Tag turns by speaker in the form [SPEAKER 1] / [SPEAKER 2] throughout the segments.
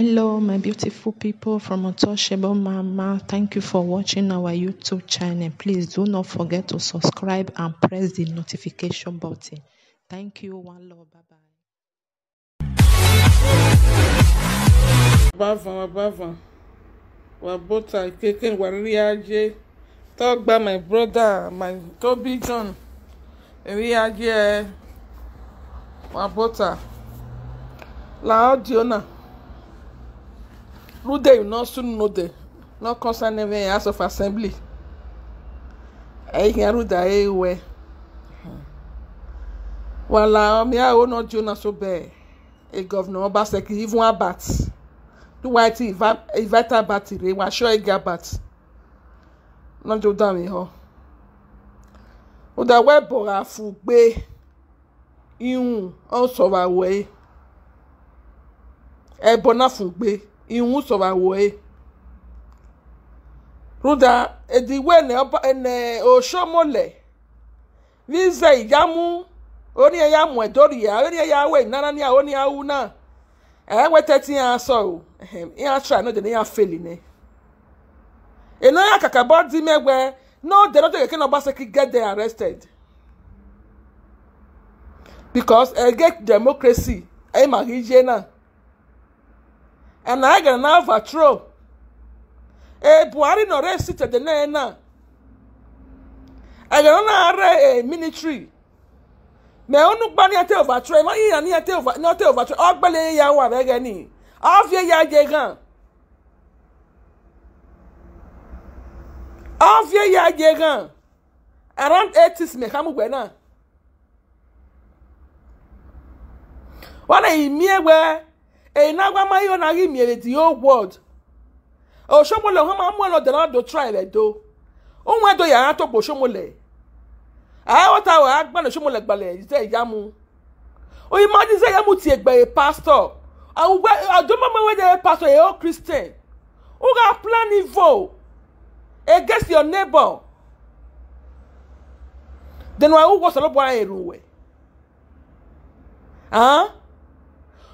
[SPEAKER 1] Hello, my beautiful people from Untouchable Mama. Thank you for watching our YouTube channel. Please do not forget to subscribe and press the notification button. Thank you. One love. Bye bye. Wabavan, wabavan. Wabota, keke, wariaje. Talk by my brother, my Toby John. Eriaje, eh. wabota. La audio na no dey you no soon know dey no concern even house of assembly I ẹ̀yin arúdà ẹ̀ wẹ̀ me I yà not do not so bẹ́ẹ̀ ẹ̀ gọ́vnà Obaseki even abat do why ti invite abat rẹ̀ wà sure do gẹ̀ abat lọ́jọ́ dá mi hàn ó dá wẹ́ bọ̀rọ̀ àfùgbé so ọ̀sọ̀rọ̀ àwẹ̀ ẹ̀ bọ̀ náà fùgbé. iwu soba awoe ruda ediwe ne oshomole vize igamu oni eya mu edori ya oni eya we nana ni oni awu na eh wete ti ya so e o ehem ya try no de ya fail ne eno ya kaka body megwe no de no de keke no baseki get dem arrested because e get democracy e ma ije na and I get an overthrow. E Buhari no re sit at the na. I get on a military. Me onu gba ni ate overthrow, ma yin ni ate over, not overthrow. Ogbele ya wa be ge ni. Afye ya je gan. Afye ya je gan. Around eighties, s me kamu gbe na. Wala imie gbe enagwama ihe ọ na-aghị miere the whole world oshomole ọhụma amụọlọ dara ọdụ trial edo ụmụ edo ya atọ bụ oshomole aghọta wee agbalị oshomole gbalị ize ya mụ onye mmadụ ize ya mụ tie gbere pastọ awugwe adụmọmọ wedere pastọ ya o kristian ụga plan evil against your neighbor then why wa ụgwọ sọlọbụ anyị ruwe ah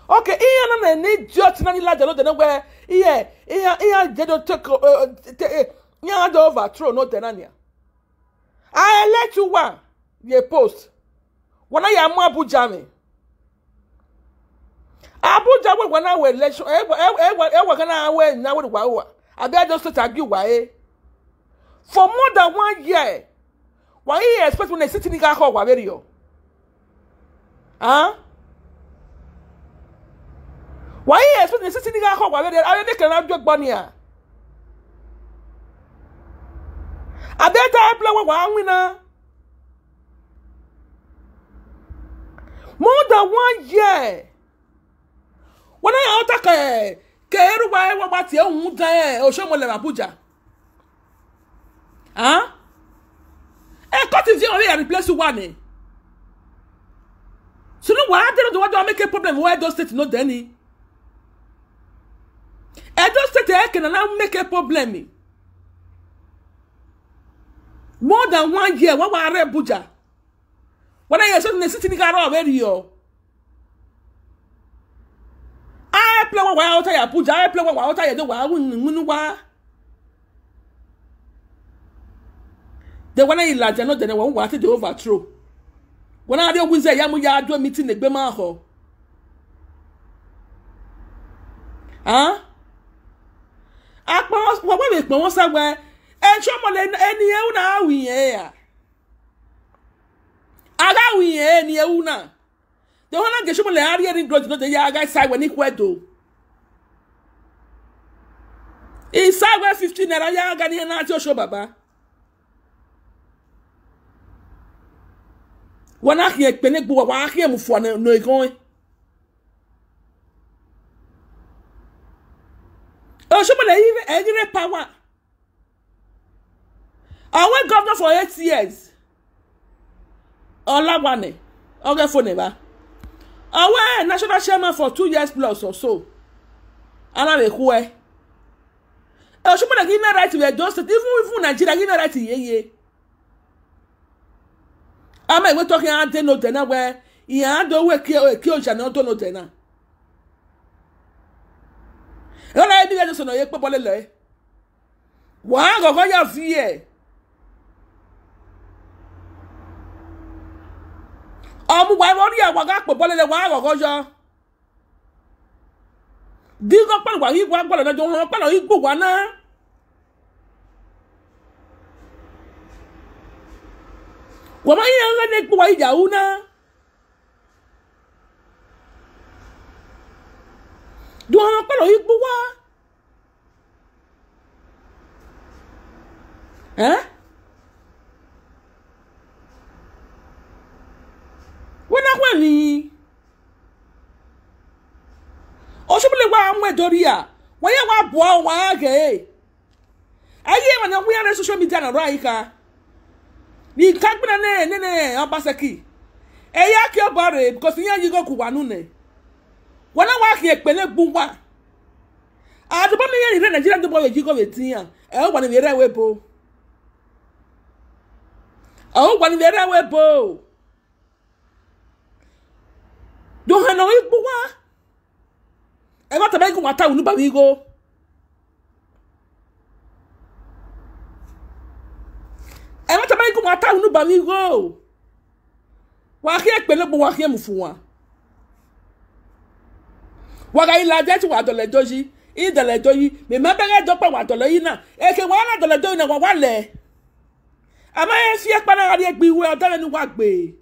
[SPEAKER 1] Okay, ihe na na ni ji ọchị na niile aja n'ote n'ogbe ihe ihe ihe ajedo teko e, e, ihe aja overthrow n'ote na nia i let you one ye post wana ya mụ abuja mi abuja we wana we election ewa e, kana we na we wa wa abia just to argue wa e for more than one year wa ihe expect when they sit in the car wa very yo ah wàyí ẹ̀sùn ní sísí nígbà kọ́ wàyí ayédèkè náà jó gbọ́ ni à. àbẹ́tà ẹ̀bùlẹ̀wọ̀ wà á win náà. more than one year When wọn náà yà ọ́ takẹ̀ what wáyé wọ́n bá tiẹ̀ show dán ẹ̀ ọ̀ṣọ́mọlẹ̀ Àbújá ẹ̀ cut fi ọ̀rẹ́ only replace wa ni. sunu wàá dẹ́rẹ́ tó wájú I make a problem Why don't state no dẹ́ni. I just edo state eke and I make a problem more than one year wọn wà I abuja wọn náà yẹ sọ ní sítì ní ká ará ọbẹ yo. I play one wà out yẹ abuja I play one áwọta out dé wà áwọn nínú wá de wọn náà yẹ ìlàjà náà dẹni wọn wà á ti de overthrow wọn náà adé ogun sẹ ìyá mu yá adó mi ti nìgbẹ́ máa họ. Huh? akpọwọ mekpọwọ sagwa echiọmọla eni ewu na awụnye ya aga awụnye eni ewu na the hona nke chiọmọla arịa eri grọji n'oge ya aga sagwa n'ikwedo isagwa 15 naira ya aga n'ihe na-atị osho baba wọn ahịa ekpe n'egbu wa ahịa mfụọ n'ego Oshobo na egire power. I went governor for eight years. Olawane, Ogefoneba. I went national chairman for two years plus or so. Alawekwe. Oshobo na gina right to Edo State, even even Nigeria gina right to yeye. Ama iwe talking ante no tena where ihe adowe ke oja na odo no tena lọ́la ẹni ẹni sọ̀nà yẹn pé bọ́lẹ̀ lọ́ẹ́ wàá kọ̀kọ́ yà fi ẹ̀ ọmú wa lórí ẹ̀ wàá pọ̀ bọ́lẹ̀ lẹ́ wàá kọ̀kọ́ yọ dígọ́ pẹ̀lú wàá yíwá gbọ́dọ̀ lọ́jọ́ wọn pẹ̀lú igbó wa náà. wọ́n máa ń yẹ ní ipò ìjà òun náà. duara kpọrọ igbo wa eh? wenakwe ni osubule wa nwedori ya wọ́n yẹ wọ́n abọ́ wọ́n agẹ̀ ẹ́ ayé wọn náà wíyá rẹ̀ social media nàró àyíká ní nǹkan gbìnà náà nínú ọbaṣẹ́kì ẹ̀yà kí ọba rẹ̀ because ìyẹn yìí kò kù wà nù nẹ̀ wọn náà wá kì í ekpele gbu ngwa adịbọ mmiri rire naijiria ndị gbọrọ ejikọ wee tinye ya ewu gwana mere ewe bo ewu gwana mere ewe bo dohe na oyi gbuwa ebe ọtaba ego nwata unu bara igo ebe ọtaba ego nwata unu bara igo wakị ekpele gbu wakị emufu nwa wagaila deti wadole doji i dole doyi me mabere dopa wadole na eke wana dole doyi na wawale ama ye fi ekpana ari egbi we odare ni wagbe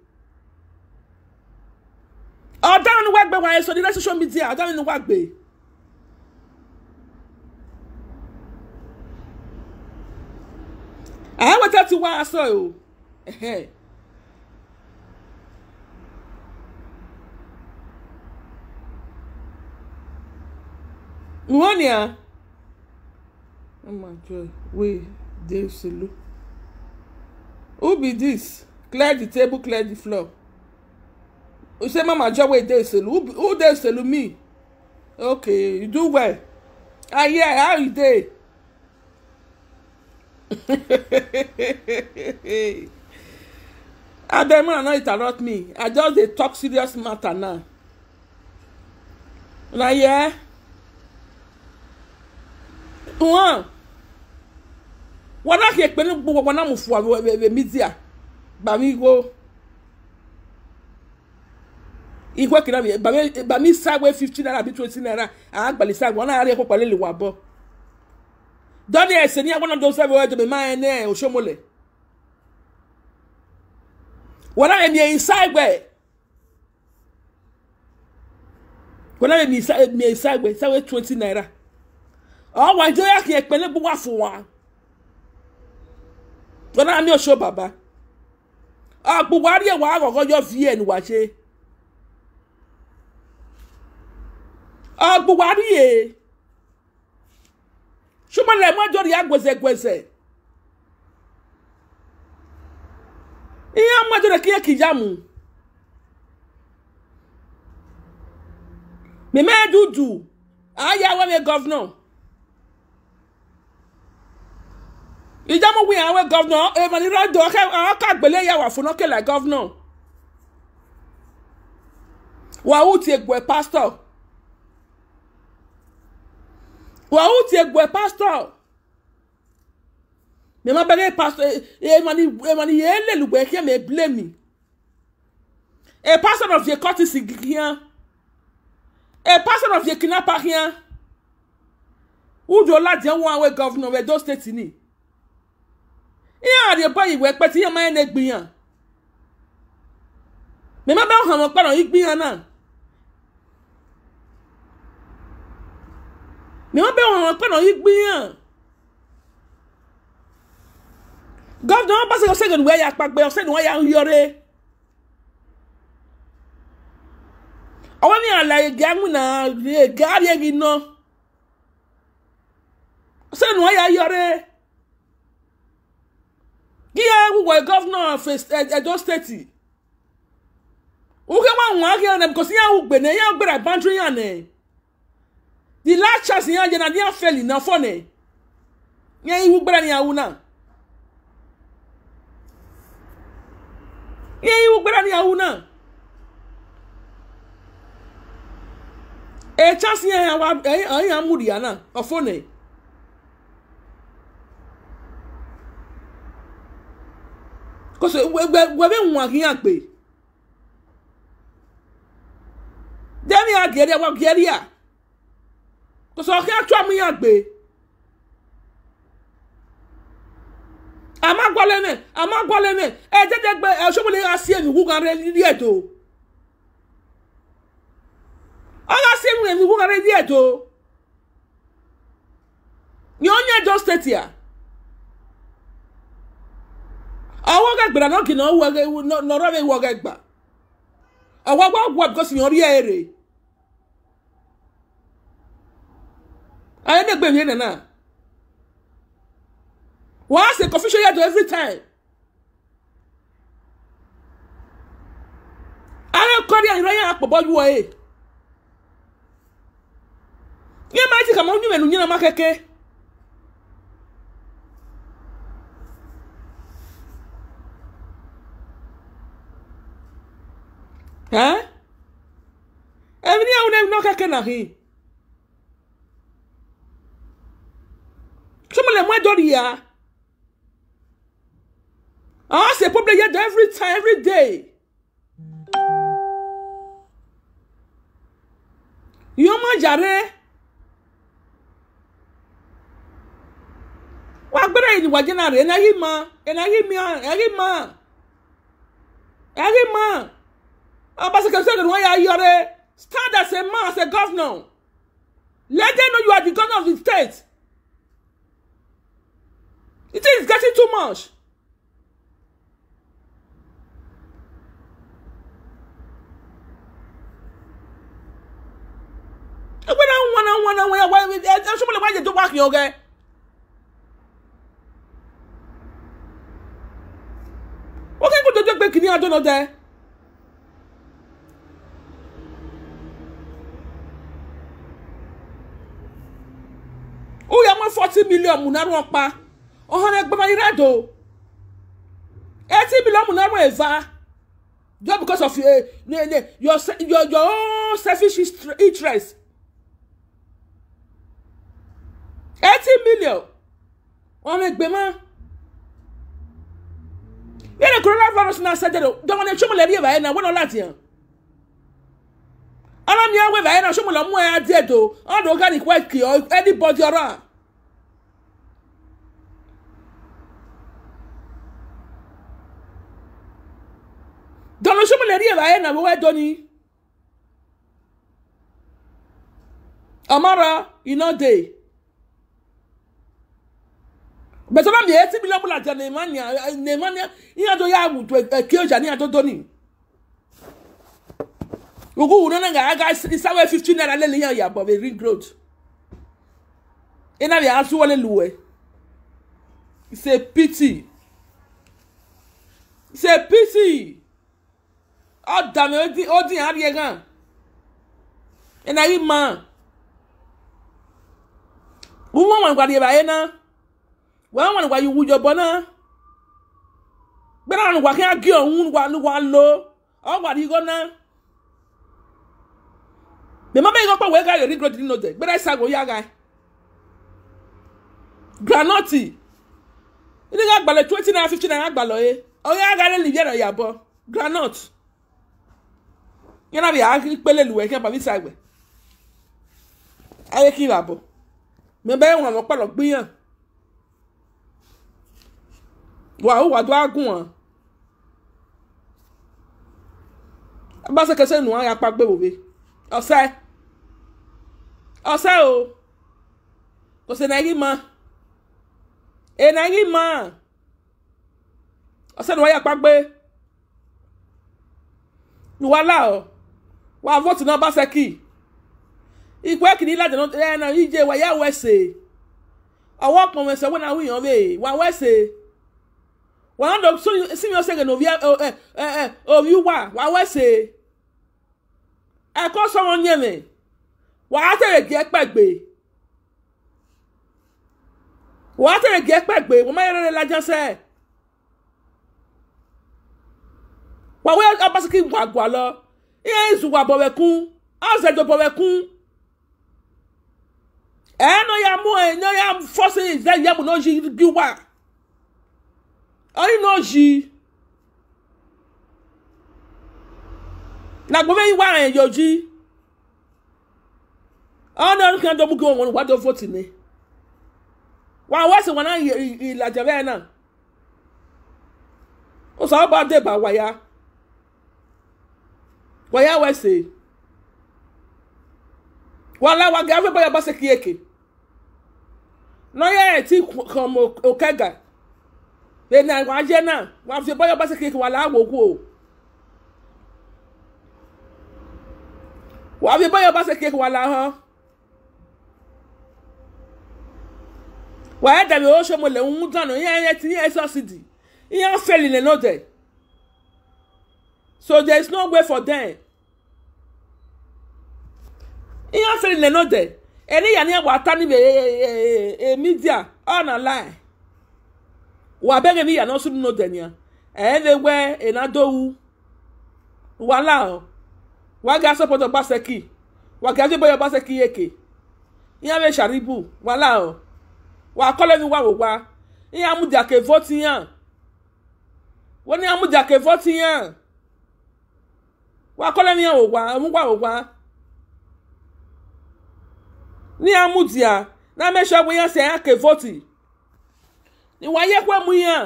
[SPEAKER 1] odare ni wagbe wa eso e ni social media odare ni wagbe àwọn tẹ́tí wá aṣọ o Ironia. Ah. Oh my God. Wait, Dave Selu. Who be this? Clear the table, clear the floor. You say, Mama Joe, wait, Dave Selu. Who, who Dave Selu? Me. Okay, you do well. Ah, yeah, how you dey? abeg make una no interrupt me i just dey talk serious matter now una yeah hàn wanake ekpene gbogbo wanamufua wewe midia bamigo ikwe kira mi bami bami sagwe fifteen naira abi twenty naira agbali sagwe wọn náà rí ẹkọ pẹlú ìwà bọ dọdí ẹsẹ ní agbọnà tó sábẹ wẹjọ mi máa ẹni ẹ òṣòmọlẹ wọn náà mi ẹyin sagwe wọn náà mi ẹyin e sagwe sagwe twenty naira. ọwà ìjọyà kì í pẹ̀lẹ́ gbogbo wà fún wa tọ́lá mi ò ṣó bàbá gbogbo àríyẹ̀ wà àkọ́kọ́ yọ vn wà ṣe gbogbo àríyẹ̀ ihe mọ́jọ́ rẹ̀ kí ẹ mu. ìjọba wi àwọn gọvnọ evanira dọ àwọn kàgbélé yà wà fún ọkẹlẹ gọvnọ wàhù ti egbò ẹ pásítọ wàhù ti egbò ẹ pásítọ mẹma bẹlẹ pásítọ emani emani yẹ lẹlùgbẹ kí ẹ mẹ blé mi a person of your courtesy here a person of your kidnapper here wúdùú ọlá jẹun àwọn gọvnọ ẹdọ stéètì ni ihe a dị bọ igwe ekpeti ihe mmanya na-egbi ya mmemme ọha na ọkpara igbi ya na mmemme ọha na ọkpara igbi ya gọvanọ ọbasa ọsẹgọ ni wọn ya akpagbe ọsẹ ni wọn ya nyọre ọwọ ni ala ege anwụ na ege arịa gị nọ ọsẹ ni wọn ya nyọre. Here who were governor of Edo State. Uke wa nwa ke na because ya ugbe na ya gbera boundary ya ne. The last chance ya je na dia fell na for ne. Ya ihu gbera ni awu na. Ya ihu gbera ni awu na. E chance ya wa eh ya muri ya na ofone. koso wɛbɛ ŋun ahiya kpe dɛmi a gɛrɛ wa gɛrɛ a koso ahiya tɔ mu ya kpe ama gbɔlɛ mɛ ama gbɔlɛ mɛ ɛ tɛtɛ gbɛ ɛ sɔgbɔlɛ asi ɛnu k'u ka rɛ yɛ to ɔka asi ɛnu k'u ka rɛ yɛ to nyɔnyɛ jɔ sitɛti a. ọwọ́ gàgbèrè náà kì náà nọ̀rọ̀ mi wọ̀ gàgbà ọwọ́ wà wọ̀ because yàn rí èrè ayédègbè yẹn nana wàá ṣe confusion yàtọ̀ every time ayé kọ́rí àyìnráyà àpọ̀bọ́ yú ọ eh? yẹ yẹn máa ti kàmọ́ ọ́nyúmẹ̀nù yẹn náà má kẹ́kẹ́. hein ebini awo na ebini keke na hi tumu le mu edori ya awa se problem yɛ do every time every day yóò má jàre. wagbere yi wagyina re ɛna yi ma ɛna yi mi ɛna yi ma ɛna yi ma. Ambassador said, why you are stand as a man, as a governor. Let them know you are the governor of the state. It is getting too much. When I want, I want, I want, I want. Somebody, why they do work, you okay? Okay, go to do back, you know, I don't there. 40 million munaru ọpa ọhụrụ gbamarirado 80 million munaru eva just because of eh, your your your, your own selfish interest 80 million ọmọ ẹgbẹ̀mọ́ yẹ́nì coronavirus náà ṣẹ́jẹ́ rẹ̀ dọ́wọ́n ní ṣọ́mùlẹ̀ rí ìbàyẹ̀ náà wọ́n náà láti hàn ọlọ́mìí ẹ̀wọ̀ ìbàyẹ̀ náà ṣọ́mùlẹ̀ ọmú ẹ̀ adé do ọ̀dọ̀ organic wẹ́ẹ̀kì ẹ̀dí bọ́dí ọ̀rọ̀ à. Shano shumu leri eva ena wewe doni. Amara, you know day. But some of the 80 million people are Nemania, Nemania, you have to yamu to a kill Jania to Doni. Ogun wùnú náà gàgà ìsáwẹ́ fifteen naira lẹ́lẹ̀ yẹn yàgbọ̀ bẹ̀ ring road. Iná yàrá tún wọlé lùwẹ̀. It's a pity. It's a pity. ọ dami ó dín adìyẹ gan ẹ na yí ma wọn wọn wọn gbàdìyẹ báyẹ náà wọn wọn gbàdìyẹ wùjọbọ náà gbẹdọ wọn gbàdìyẹ agí ọhún wà lọ ọ gbàdìyẹ gọ náà bẹẹma bẹẹ yọ pọ wẹẹ ga granọtì ní ká gbalẹ twenty naira fifty naira gbalọ yẹ ọ yá ga lẹ nyɛ na bi ahiri kpele luwɛ kí abami sa gbɛ ayé kí ibà bɔ mɛ bɛ ŋun àwọn kpalɔ gbé yàn wà ó wà do agùn hàn abasa kẹsẹ nù ayé apá gbé wòwe ɔsɛ ɔsɛ o kò sɛ n'ayi ma e n'ayi ma ɔsɛ nù ayé apá gbé nù wà lá o wa vote na Obaseki ipò ẹ̀kìnní láti ẹ̀nà ìje wa yà wẹ̀sẹ̀ ọwọ́ kan wẹ̀sẹ̀ wọ́n náà wíyàn bẹ́ẹ̀ wa wẹ̀sẹ̀ wọ́n náà dọ̀ sínú ọ̀sẹ̀gẹ̀ ní òbí wa wa wẹ̀sẹ̀ ẹ̀kọ́ sọ̀rọ̀ nyẹ̀mẹ̀ wà á tẹ̀lé kí ẹ pẹ̀gbẹ̀ wà á tẹ̀lé kí ẹ pẹ̀gbẹ̀ wọ́n máa yẹrẹ lajánsẹ́ wà wẹ́ Obaseki gbàgbà lọ. ihe nzụwa bowekwu azedo bowekwu eno eh, ya mụ eno eh, ya fosi ize ya mụ n'oji gị onye n'oji na gbome iwe ahụ eh, yoji ọnụ oh, ọrụ kan dọgbụ gị onwe nkwado voti ni wa wá sí wọn náà ìlàjẹ̀bẹ́ náà na sọ ọ́ waya wese wala wage everybody abase kieke no ye ti kom okega e na wa je na wa fi boyo abase kieke wala awogu o wa fi boyo abase kieke wala ha wa e dabi o so mo le un danu ye ye ti ni exorcist iyan feli le no there so there is no way for them ihe afere na enode ene ya na ya gbata n'ibe e, e, e, midia ọ na lai wabeghị n'iya na ọsụrụ n'oden ya enegwe enadowu wala waga asọpụta gbaseki ga adịbọ ya gbaseki eke ihe mechara ibu wala wakọleni wawụgwa ihe amụdia ka voti ya wani amụdia ka voti ya wakọleni ya wụgwa onwụgwa wụgwa n'ihe mụti ya na mmecha bụ ihe si ya ke voti ịwanyekwe m ihe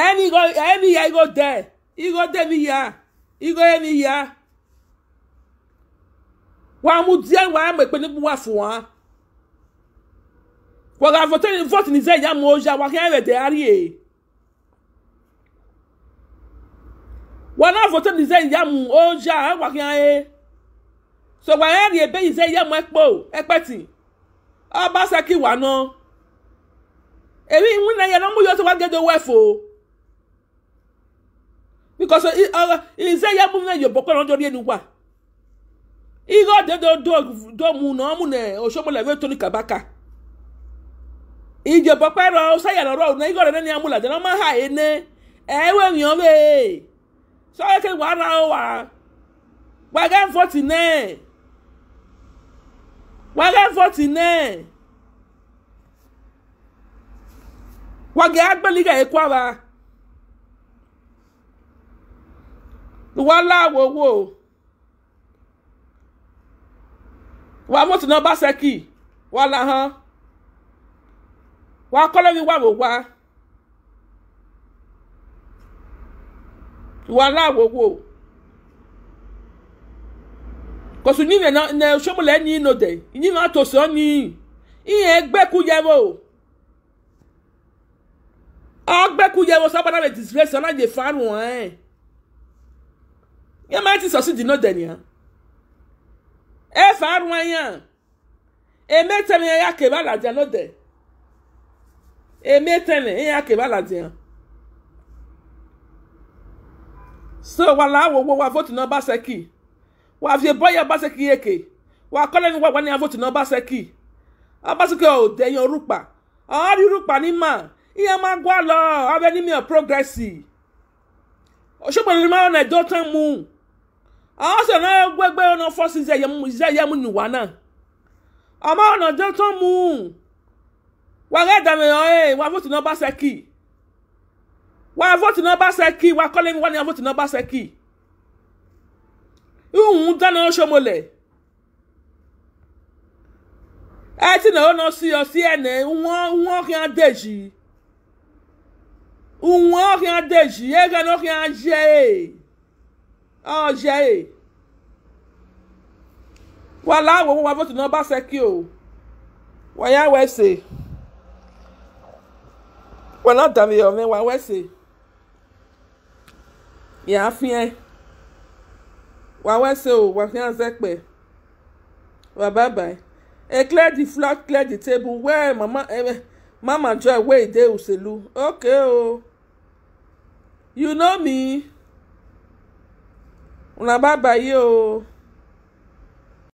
[SPEAKER 1] eni ya igo de igo de mi ya igo eni ya wa mutie wa mekpe nibu wa fun wa wa ga vote ni vote ni ze ya mo ja wa kere de ari e wa na vote ni ze ya mo ja wa kere so waheri ebeyize yẹ mọ ẹkpọ ẹkpẹtì ọbaṣẹkì wà nọ èmi ìwìn náà yẹ lọ́mú yóò ṣe wá gédé owó ẹ̀fọ́ because ìṣe yẹ mú náà yòbó kọ́nà ọjọ́ rí ẹni wà ihe dédé dóòmù náà mú nà òṣòmọlẹ̀ wé tóní kàbákà ìjẹ̀bọ̀ pẹ́rọ ṣẹ́yàlọ́rọ̀ ọ̀nà ìgọ̀rẹ́ náà ni amúlàjẹ́ náà máa hà é ní ẹ̀ẹ́wẹ̀ èèyàn wẹ̀ sọ́yẹ́kẹ́ wàá ra ọ wà wàá gẹ́ fọ́tì náà waka-49 waga agbeliga ekwara walawowo wa motu na baseki wala han wa kọlọri wa wo wa walawowo kosu nyine na na shomule ni no de nyine atoso ni iye gbeku yewo agbeku yewo sabana be disgrace na je faru eh ye ma ti so si di no de ni ha e faru anya eme temi ya ke baladia no de eme temi ya ke baladia so wala wo wo wa vote number seki wavye Obaseki eke wakoleni wagwani avoti na Obaseki Obaseki o deyin orupa ọrị rupa n'ime ihe ma gwa lọ abịa n'ime progresi oṣugbọn ma ọ na-edo tan mu àwọn sọ náà gbẹgbẹ ọ̀nà fọ́ọ̀sì iṣẹ́ yẹmu nìwá náà ọmọ ọ̀nà edo tan mu wàhálà ìdàmìíràn ẹ̀ wà vóòtù náà Obaseki wà vóòtù náà Obaseki wà kọ́lé wà ní vóòtù náà Obaseki ihun dáná ṣọmọlẹ̀ ẹ tí náà ọ̀nà sí ọ sí ẹ̀nẹ̀ wọ́n wọ́n kí wọ́n dé yìí wọ́n kí wọ́n dé yìí ẹ̀gá náà kí wọ́n jẹ́ ẹ̀ ọ̀ jẹ́ ẹ̀ wà láwọn ohun wa bó ti náà bá ṣẹ́kì o wọ́n yá wẹ́sẹ̀ wọ́n náà dàbí ọ̀mẹ́wàá wẹ́sẹ̀ yàá fi ẹ́ wawese o wafianzekpe wa bye bye e clear the floor clear the table where mama eh, eh mama joy wey e dey oselu okay o you know me una bye bye o.